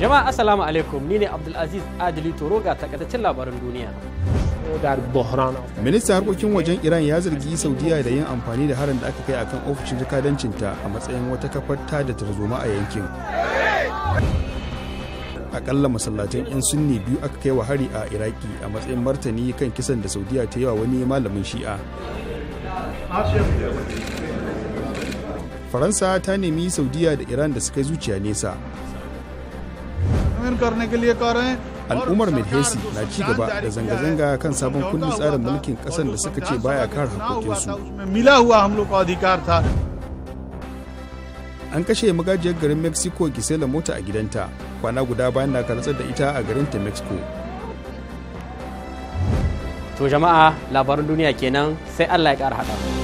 jama'a assalamu alaikum ni ne abdulaziz adili toro ga takaitaccen labaran duniya minista harkokin wajen iran ya zargi saudiya da yin amfani da harin da aka kai akan ofishin jakadancin ta a matsayin wata kafar ta da tarzoma a yankin akalla masallatan 'yan sunni biyu aka kai wa hari a iraki a matsayin martani kan kisan da saudiya ta yi wa wani malamin shi'a faransa ta nemi saudiya da iran da suka zuciya nesa al'ummar milhesi na ci gaba da zanga-zanga kan sabon kundin tsarin mulkin kasar da suka ce baya kare hakokinsu an kashe magajiyar garin mexico gisela mota a gidanta kwana guda bayan na rantsar da ita a garin ta mexico to jama'a labarin duniya kenan sai allah ya kara haɗa